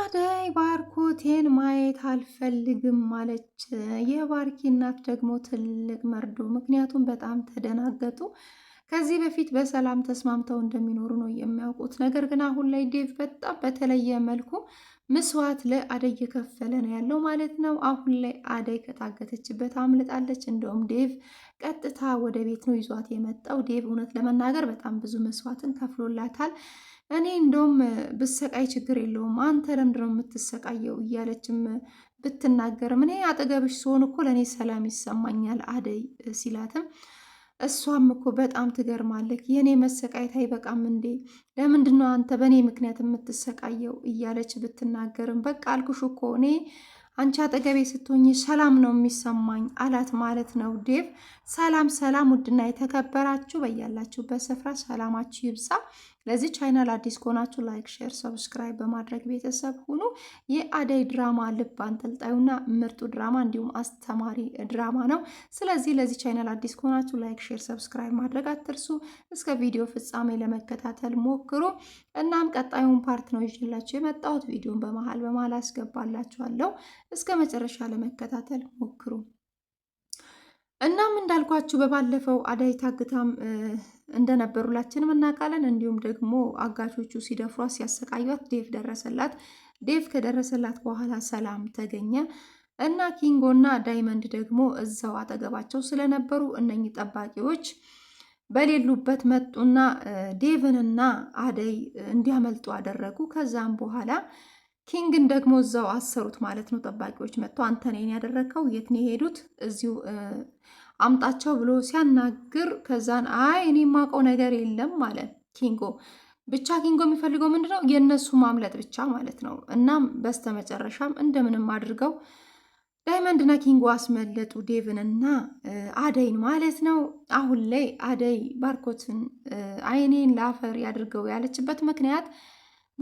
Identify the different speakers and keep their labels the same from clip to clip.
Speaker 1: አደይ ባርኮቴን ማየት አልፈልግም አለች። የባርኪ እናት ደግሞ ትልቅ መርዶ፣ ምክንያቱም በጣም ተደናገጡ። ከዚህ በፊት በሰላም ተስማምተው እንደሚኖሩ ነው የሚያውቁት። ነገር ግን አሁን ላይ ዴቭ በጣም በተለየ መልኩ ላይ ለአደይ እየከፈለ ነው ያለው ማለት ነው። አሁን ላይ አደይ ከታገተችበት አምልጣለች። እንደውም ዴቭ ቀጥታ ወደ ቤት ነው ይዟት የመጣው። ዴቭ እውነት ለመናገር በጣም ብዙ መስዋዕትን ከፍሎላታል። እኔ እንደውም ብሰቃይ ችግር የለውም አንተ ለምንድነው የምትሰቃየው? እያለችም ብትናገርም እኔ አጠገብሽ ስሆን እኮ ለእኔ ሰላም ይሰማኛል አደይ ሲላትም እሷም እኮ በጣም ትገርማለህ፣ የእኔ መሰቃየት አይበቃም እንዴ? ለምንድነው አንተ በእኔ ምክንያት የምትሰቃየው? እያለች ብትናገርም በቃ አልኩሽ እኮ እኔ አንቺ አጠገቤ ስትሆኝ ሰላም ነው የሚሰማኝ አላት ማለት ነው። ዴቭ ሰላም ሰላም! ውድና የተከበራችሁ በያላችሁበት ስፍራ ሰላማችሁ ይብዛ። ለዚህ ቻናል አዲስ ከሆናችሁ ላይክ፣ ሼር፣ ሰብስክራይብ በማድረግ ቤተሰብ ሁኑ። የአደይ ድራማ ልብ አንጠልጣዩና ምርጡ ድራማ እንዲሁም አስተማሪ ድራማ ነው። ስለዚህ ለዚህ ቻናል አዲስ ከሆናችሁ ላይክ፣ ሼር፣ ሰብስክራይብ ማድረግ አትርሱ። እስከ ቪዲዮ ፍጻሜ ለመከታተል ሞክሩ። እናም ቀጣዩን ፓርት ነው ይዤላችሁ የመጣሁት። ቪዲዮን በመሀል በመሀል አስገባላችኋለሁ። እስከ መጨረሻ ለመከታተል ሞክሩ። እናም እንዳልኳችሁ በባለፈው አዳይ ታግታም እንደነበሩላችን እናውቃለን። እንዲሁም ደግሞ አጋቾቹ ሲደፍሯ ሲያሰቃዩት ዴቭ ደረሰላት። ዴቭ ከደረሰላት በኋላ ሰላም ተገኘ እና ኪንጎና ዳይመንድ ደግሞ እዛው አጠገባቸው ስለነበሩ እነኚህ ጠባቂዎች በሌሉበት መጡና ዴቭንና አደይ እንዲያመልጡ አደረጉ። ከዛም በኋላ ኪንግን ደግሞ እዛው አሰሩት ማለት ነው። ጠባቂዎች መጥቶ አንተ ነህን ያደረግከው? የት ነው የሄዱት? እዚሁ አምጣቸው ብሎ ሲያናግር ከዛን አይ እኔ የማውቀው ነገር የለም ማለት ኪንጎ ብቻ ኪንጎ የሚፈልገው ምንድን ነው? የእነሱ ማምለጥ ብቻ ማለት ነው። እናም በስተመጨረሻም እንደምንም አድርገው ዳይመንድና ኪንጎ አስመለጡ ዴቭንና አደይን ማለት ነው። አሁን ላይ አደይ ባርኮትን አይኔን ላፈር ያድርገው ያለችበት ምክንያት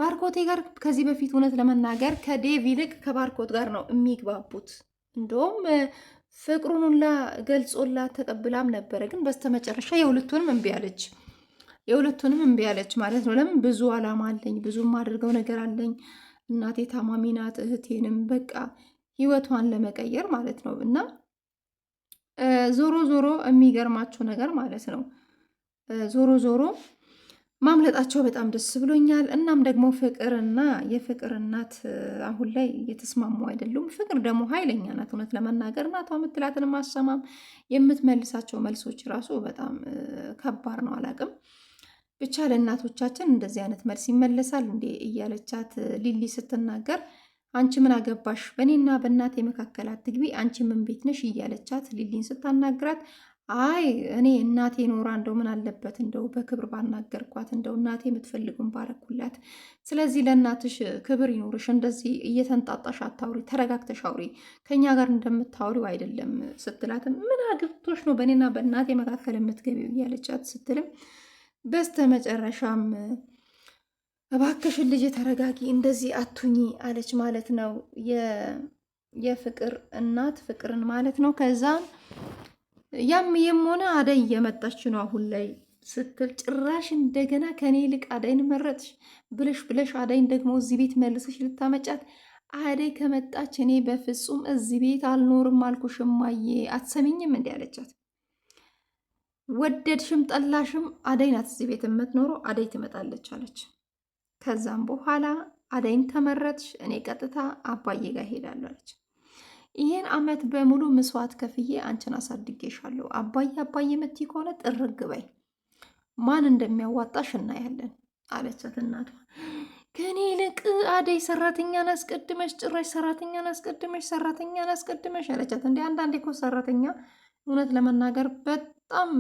Speaker 1: ባርኮቴ ጋር ከዚህ በፊት እውነት ለመናገር ከዴቭ ይልቅ ከባርኮት ጋር ነው የሚግባቡት። እንደውም ፍቅሩን ሁላ ገልጾላት ተቀብላም ነበረ፣ ግን በስተመጨረሻ የሁለቱንም እምቢ አለች። የሁለቱንም እምቢ አለች ማለት ነው። ለምን ብዙ አላማ አለኝ፣ ብዙ የማደርገው ነገር አለኝ፣ እናቴ ታማሚ ናት፣ እህቴንም በቃ ህይወቷን ለመቀየር ማለት ነው። እና ዞሮ ዞሮ የሚገርማቸው ነገር ማለት ነው ዞሮ ዞሮ ማምለጣቸው በጣም ደስ ብሎኛል። እናም ደግሞ ፍቅርና የፍቅር እናት አሁን ላይ እየተስማሙ አይደሉም። ፍቅር ደግሞ ኃይለኛ ናት። እውነት ለመናገር እናቷ የምትላትን ማሰማም የምትመልሳቸው መልሶች ራሱ በጣም ከባድ ነው። አላቅም ብቻ ለእናቶቻችን እንደዚህ አይነት መልስ ይመለሳል እንዴ እያለቻት ሊሊ ስትናገር አንቺ ምን አገባሽ? በእኔና በእናቴ መካከል አትግቢ። አንቺ ምን ቤት ነሽ? እያለቻት ሊሊን ስታናግራት አይ እኔ እናቴ ኖራ እንደው ምን አለበት እንደው በክብር ባናገርኳት እንደው እናቴ የምትፈልጉን ባረኩላት። ስለዚህ ለእናትሽ ክብር ይኖርሽ፣ እንደዚህ እየተንጣጣሽ አታውሪ፣ ተረጋግተሽ አውሪ፣ ከእኛ ጋር እንደምታውሪው አይደለም ስትላትም ምን አግብቶሽ ነው በእኔና በእናቴ መካከል የምትገቢው እያለቻት ስትልም በስተ መጨረሻም እባክሽን ልጅ ተረጋጊ፣ እንደዚህ አቱኝ አለች ማለት ነው የፍቅር እናት ፍቅርን ማለት ነው ከዛ ያም ይህም ሆነ አደይ እየመጣች ነው አሁን ላይ ስትል ጭራሽ እንደገና ከኔ ይልቅ አደይን መረጥሽ ብለሽ ብለሽ አደይን ደግሞ እዚህ ቤት መልሰሽ ልታመጫት አደይ ከመጣች እኔ በፍጹም እዚህ ቤት አልኖርም አልኩሽ እማዬ አትሰሚኝም እንዲ አለቻት ወደድሽም ጠላሽም አደይ ናት እዚህ ቤት የምትኖረው አደይ ትመጣለች አለች ከዛም በኋላ አደይን ተመረጥሽ እኔ ቀጥታ አባዬ ጋር ሄዳለች ይህን አመት በሙሉ ምስዋዕት ከፍዬ አንቺን አሳድጌሻለሁ። አባዬ አባዬ የምትይ ከሆነ ጥርግ በይ፣ ማን እንደሚያዋጣሽ እናያለን አለቻት እናቷ። ከኔ ይልቅ አደይ ሰራተኛን አስቀድመሽ ጭራሽ ሰራተኛን አስቀድመሽ ሰራተኛን አስቀድመሽ አለቻት። እንደ አንዳንዴ እኮ ሰራተኛ እውነት ለመናገር በጣም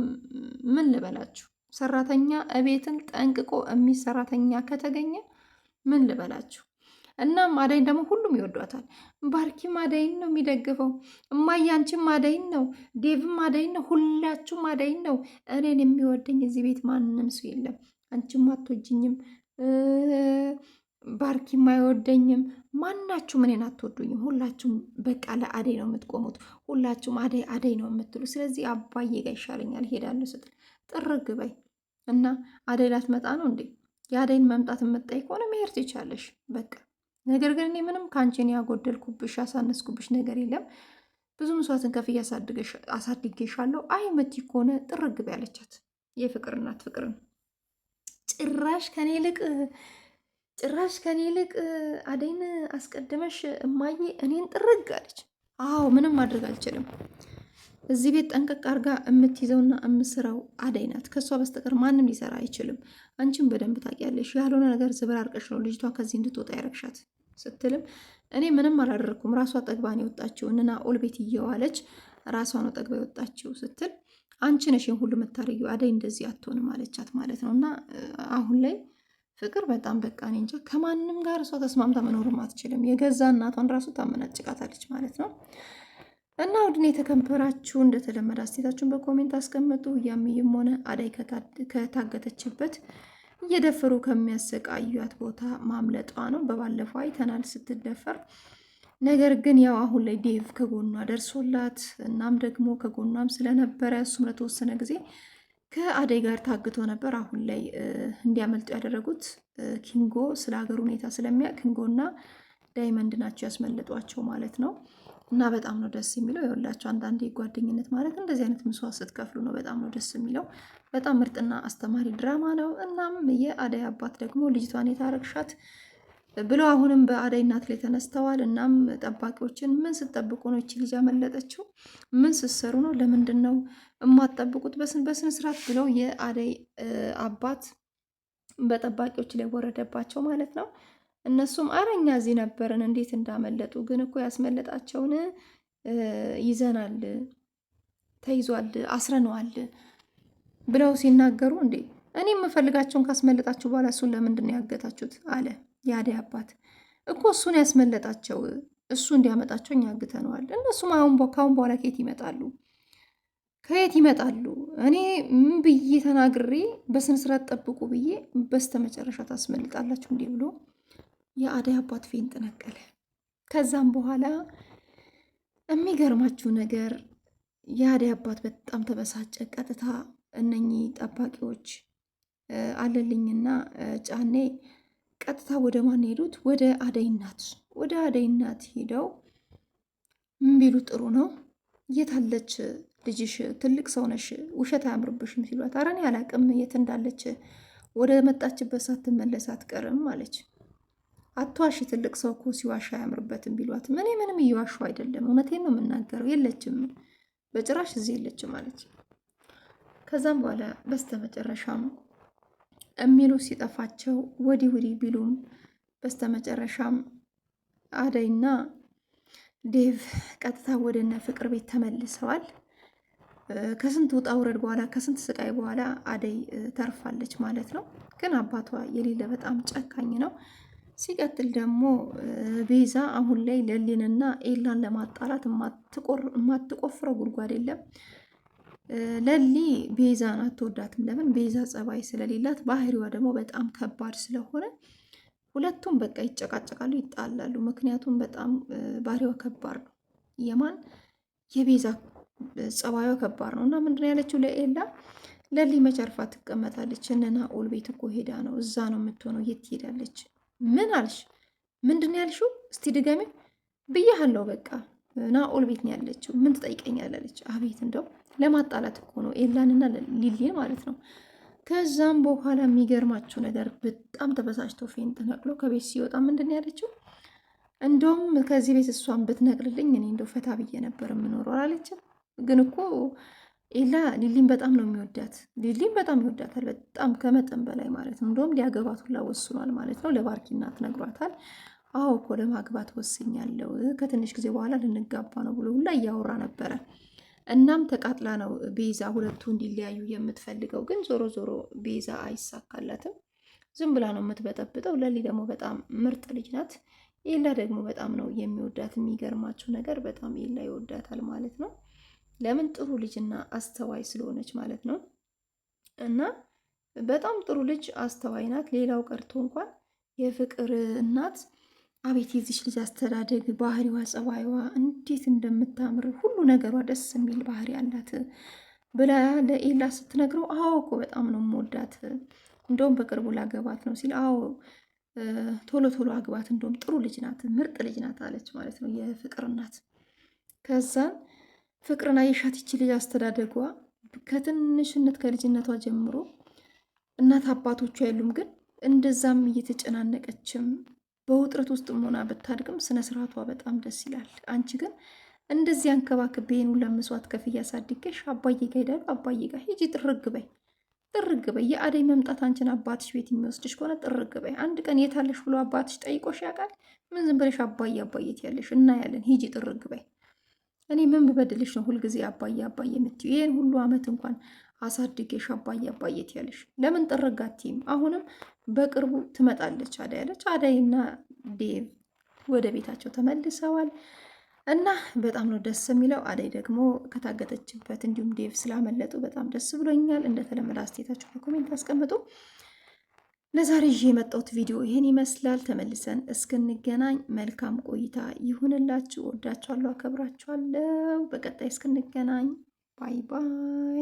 Speaker 1: ምን ልበላችሁ፣ ሰራተኛ እቤትን ጠንቅቆ የሚሰራተኛ ከተገኘ ምን ልበላችሁ እናም አደይን ደግሞ ሁሉም ይወዷታል። ባርኪም አደይን ነው የሚደግፈው። እማያንቺም አደይን ነው፣ ዴቭም አደይን ነው፣ ሁላችሁም አደይን ነው። እኔን የሚወደኝ እዚህ ቤት ማንም ሰው የለም። አንቺም አትወጅኝም፣ ባርኪም አይወደኝም። ማናችሁም እኔን አትወዱኝም። ሁላችሁም በቃ ለአደይ ነው የምትቆሙት። ሁላችሁም አደይ አደይ ነው የምትሉ። ስለዚህ አባዬ ጋ ይሻለኛል ሄዳለሁ ስትል ጥርግ በይ እና አደይ ላትመጣ ነው እንዴ? የአደይን መምጣት የምትጠይቅ ከሆነ መሄድ ትችያለሽ በቃ ነገር ግን እኔ ምንም ከአንቺን ያጎደልኩብሽ ያሳነስኩብሽ ነገር የለም። ብዙ መስዋዕትን ከፍ አሳድጌሻለሁ። አይ መቲ ከሆነ ጥርግብ ያለቻት የፍቅር እናት ፍቅርን ጭራሽ ከኔ ይልቅ ጭራሽ ከኔ ይልቅ አደይን አስቀድመሽ እማዬ እኔን ጥርግ አለች። አዎ ምንም ማድረግ አልችልም። እዚህ ቤት ጠንቀቅ አርጋ የምትይዘውና የምስራው አደይ ናት። ከእሷ በስተቀር ማንም ሊሰራ አይችልም። አንቺም በደንብ ታውቂያለሽ። ያልሆነ ነገር ዝበር አርቀሽ ነው ልጅቷ ከዚህ እንድትወጣ ያረግሻት። ስትልም እኔ ምንም አላደረኩም ራሷ ጠግባን የወጣችው እንና ኦል ቤት እየዋለች ራሷ ነው ጠግባ የወጣችው ስትል አንቺ ነሽ ሁሉ የምታረጊው አደይ እንደዚህ አትሆንም አለቻት ማለት ነው። እና አሁን ላይ ፍቅር በጣም በቃ እኔ እንጃ ከማንም ጋር እሷ ተስማምታ መኖርም አትችልም። የገዛ እናቷን ራሱ ታመናጭቃታለች ማለት ነው። እና ውድን የተከበራችሁ እንደተለመደ አስተያየታችሁን በኮሜንት አስቀምጡ። እያምይም ሆነ አደይ ከታገተችበት እየደፈሩ ከሚያሰቃዩት ቦታ ማምለጧ ነው። በባለፈው አይተናል ስትደፈር። ነገር ግን ያው አሁን ላይ ዴቭ ከጎኗ ደርሶላት እናም ደግሞ ከጎኗም ስለነበረ እሱም ለተወሰነ ጊዜ ከአደይ ጋር ታግቶ ነበር። አሁን ላይ እንዲያመልጡ ያደረጉት ኪንጎ ስለ ሀገር ሁኔታ ስለሚያውቅ ኪንጎና ዳይመንድ ናቸው ያስመለጧቸው ማለት ነው። እና በጣም ነው ደስ የሚለው። የወላቸው አንዳንዴ ጓደኝነት ማለት እንደዚህ አይነት ምስዋዕት ስትከፍሉ ነው። በጣም ነው ደስ የሚለው። በጣም ምርጥና አስተማሪ ድራማ ነው። እናም የአደይ አባት ደግሞ ልጅቷን የታረግሻት ብሎ አሁንም በአደይ እናት ላይ ተነስተዋል። እናም ጠባቂዎችን ምን ስትጠብቁ ነው? ይቺ ልጅ ያመለጠችው ምን ስትሰሩ ነው? ለምንድን ነው የማትጠብቁት በስነ ስርዓት ብለው የአደይ አባት በጠባቂዎች ላይ ወረደባቸው ማለት ነው። እነሱም አረኛ እዚህ ነበርን እንዴት እንዳመለጡ ግን እኮ ያስመለጣቸውን ይዘናል፣ ተይዟል፣ አስረነዋል ብለው ሲናገሩ እንዴ እኔ የምፈልጋቸውን ካስመለጣችሁ በኋላ እሱን ለምንድን ነው ያገታችሁት? አለ የአደይ አባት። እኮ እሱን ያስመለጣቸው እሱ እንዲያመጣቸው እኛ አግተነዋል። እነሱም አሁን ካሁን በኋላ ከየት ይመጣሉ? ከየት ይመጣሉ? እኔ ምን ብዬ ተናግሬ በስነ ጠብቁ ብዬ በስተመጨረሻ ታስመልጣላችሁ እንዲህ ብሎ የአደይ አባት ፌንት ነቀለ። ከዛም በኋላ የሚገርማችሁ ነገር የአደይ አባት በጣም ተበሳጨ። ቀጥታ እነኚህ ጠባቂዎች አለልኝና ጫኔ ቀጥታ ወደ ማን ሄዱት? ወደ አደይ እናት ወደ አደይ እናት ሄደው ምን ቢሉ ጥሩ ነው የታለች ልጅሽ ትልቅ ሰው ነሽ፣ ውሸት አያምርብሽም ሲሏት፣ አረ እኔ አላቅም የት እንዳለች፣ ወደ መጣችበት ሳትመለስ አትቀርም አለች። አትዋሽ፣ ትልቅ ሰው እኮ ሲዋሽ አያምርበትም ቢሏትም እኔ ምንም እየዋሹ አይደለም፣ እውነቴን ነው የምናገረው። የለችም፣ በጭራሽ እዚህ የለችም ማለት ከዛም በኋላ በስተመጨረሻም እሚሉ ሲጠፋቸው ወዲህ ወዲህ ቢሉም በስተመጨረሻም አደይና ዴቭ ቀጥታ ወደነ ፍቅር ቤት ተመልሰዋል። ከስንት ውጣ ውረድ በኋላ ከስንት ስቃይ በኋላ አደይ ተርፋለች ማለት ነው። ግን አባቷ የሌለ በጣም ጨካኝ ነው። ሲቀጥል ደግሞ ቤዛ አሁን ላይ ለሊንና ኤላን ለማጣላት የማትቆፍረው ጉድጓድ የለም። ለሊ ቤዛን አትወዳትም። ለምን? ቤዛ ጸባይ ስለሌላት፣ ባህሪዋ ደግሞ በጣም ከባድ ስለሆነ ሁለቱም በቃ ይጨቃጨቃሉ፣ ይጣላሉ። ምክንያቱም በጣም ባህሪዋ ከባድ ነው። የማን የቤዛ ጸባዩ ከባድ ነው እና ምንድን ያለችው ለኤላ ለሊ መቸርፋ ትቀመጣለች። እነ ኦል ቤት እኮ ሄዳ ነው እዛ ነው የምትሆነው። የት ትሄዳለች? ምን አልሽ? ምንድን ያልሽው? እስቲ ድገሜ ብያሃለው። በቃ ናኦል ቤት ነው ያለችው። ምን ትጠይቀኛል? አለች። አቤት እንደው ለማጣላት እኮ ነው ኤላንና ሊሊ ማለት ነው። ከዛም በኋላ የሚገርማችሁ ነገር በጣም ተበሳጭቶ ፌን ተነቅሎ ከቤት ሲወጣ ምንድን ያለችው እንደውም ከዚህ ቤት እሷን ብትነቅልልኝ እኔ እንደው ፈታ ብዬ ነበር የምኖረው አላለችም። ግን እኮ ኤላ ሊሊን በጣም ነው የሚወዳት። ሊሊን በጣም ይወዳታል፣ በጣም ከመጠን በላይ ማለት ነው። እንደውም ሊያገባት ሁላ ወስኗል ማለት ነው። ለባርኪና ነግሯታል። አዎ እኮ ለማግባት ወስኛለሁ፣ ከትንሽ ጊዜ በኋላ ልንጋባ ነው ብሎ ሁላ እያወራ ነበረ። እናም ተቃጥላ ነው ቤዛ ሁለቱ እንዲለያዩ የምትፈልገው። ግን ዞሮ ዞሮ ቤዛ አይሳካላትም። ዝም ብላ ነው የምትበጠብጠው። ለሊ ደግሞ በጣም ምርጥ ልጅ ናት። ኤላ ደግሞ በጣም ነው የሚወዳት። የሚገርማችሁ ነገር በጣም ኤላ ይወዳታል ማለት ነው። ለምን ጥሩ ልጅና አስተዋይ ስለሆነች ማለት ነው። እና በጣም ጥሩ ልጅ አስተዋይ ናት። ሌላው ቀርቶ እንኳን የፍቅር እናት አቤት የዚች ልጅ አስተዳደግ፣ ባህሪዋ፣ ጸባይዋ እንዴት እንደምታምር ሁሉ ነገሯ ደስ የሚል ባህሪ አላት ብላ ለኤላ ስትነግረው አዎ እኮ በጣም ነው የምወዳት፣ እንደውም በቅርቡ ላገባት ነው ሲል አዎ ቶሎ ቶሎ አግባት፣ እንደውም ጥሩ ልጅ ናት፣ ምርጥ ልጅ ናት አለች ማለት ነው የፍቅር እናት ከዛን ፍቅርን አየሻት? ይቺ ልጅ አስተዳደጓ ከትንሽነት ከልጅነቷ ጀምሮ እናት አባቶቿ የሉም፣ ግን እንደዛም እየተጨናነቀችም በውጥረት ውስጥ መሆና ብታድግም ስነ ስርዓቷ በጣም ደስ ይላል። አንቺ ግን እንደዚህ አንከባክቤ ይህን ሁሉ መስዋዕት ከፍዬ አሳድጌሽ አባዬ ጋ ሄዳሉ። አባዬ ጋ ሂጂ፣ ጥርግ በይ፣ ጥርግ በይ። የአደይ መምጣት አንቺን አባትሽ ቤት የሚወስድሽ ከሆነ ጥርግ በይ። አንድ ቀን የታለሽ ብሎ አባትሽ ጠይቆሽ ያውቃል? ምን ዝም ብለሽ አባዬ አባዬ ትያለሽ? እናያለን፣ ሂጂ፣ ጥርግ በይ። እኔ ምን ብበድልሽ ነው ሁልጊዜ አባዬ አባዬ የምትዩ? ይህን ሁሉ ዓመት እንኳን አሳድጌሽ አባዬ አባዬ ትያለሽ። ለምን ጥረጋቲም? አሁንም በቅርቡ ትመጣለች አዳይ አለች። አዳይና ዴቭ ወደ ቤታቸው ተመልሰዋል። እና በጣም ነው ደስ የሚለው። አዳይ ደግሞ ከታገተችበት እንዲሁም ዴቭ ስላመለጡ በጣም ደስ ብሎኛል። እንደተለመደ አስተያየታችሁ በኮሜንት አስቀምጡ። ለዛሬ ይዤ የመጣሁት ቪዲዮ ይህን ይመስላል። ተመልሰን እስክንገናኝ መልካም ቆይታ ይሁንላችሁ። ወዳችኋለሁ፣ አከብራችኋለሁ። በቀጣይ እስክንገናኝ ባይ ባይ።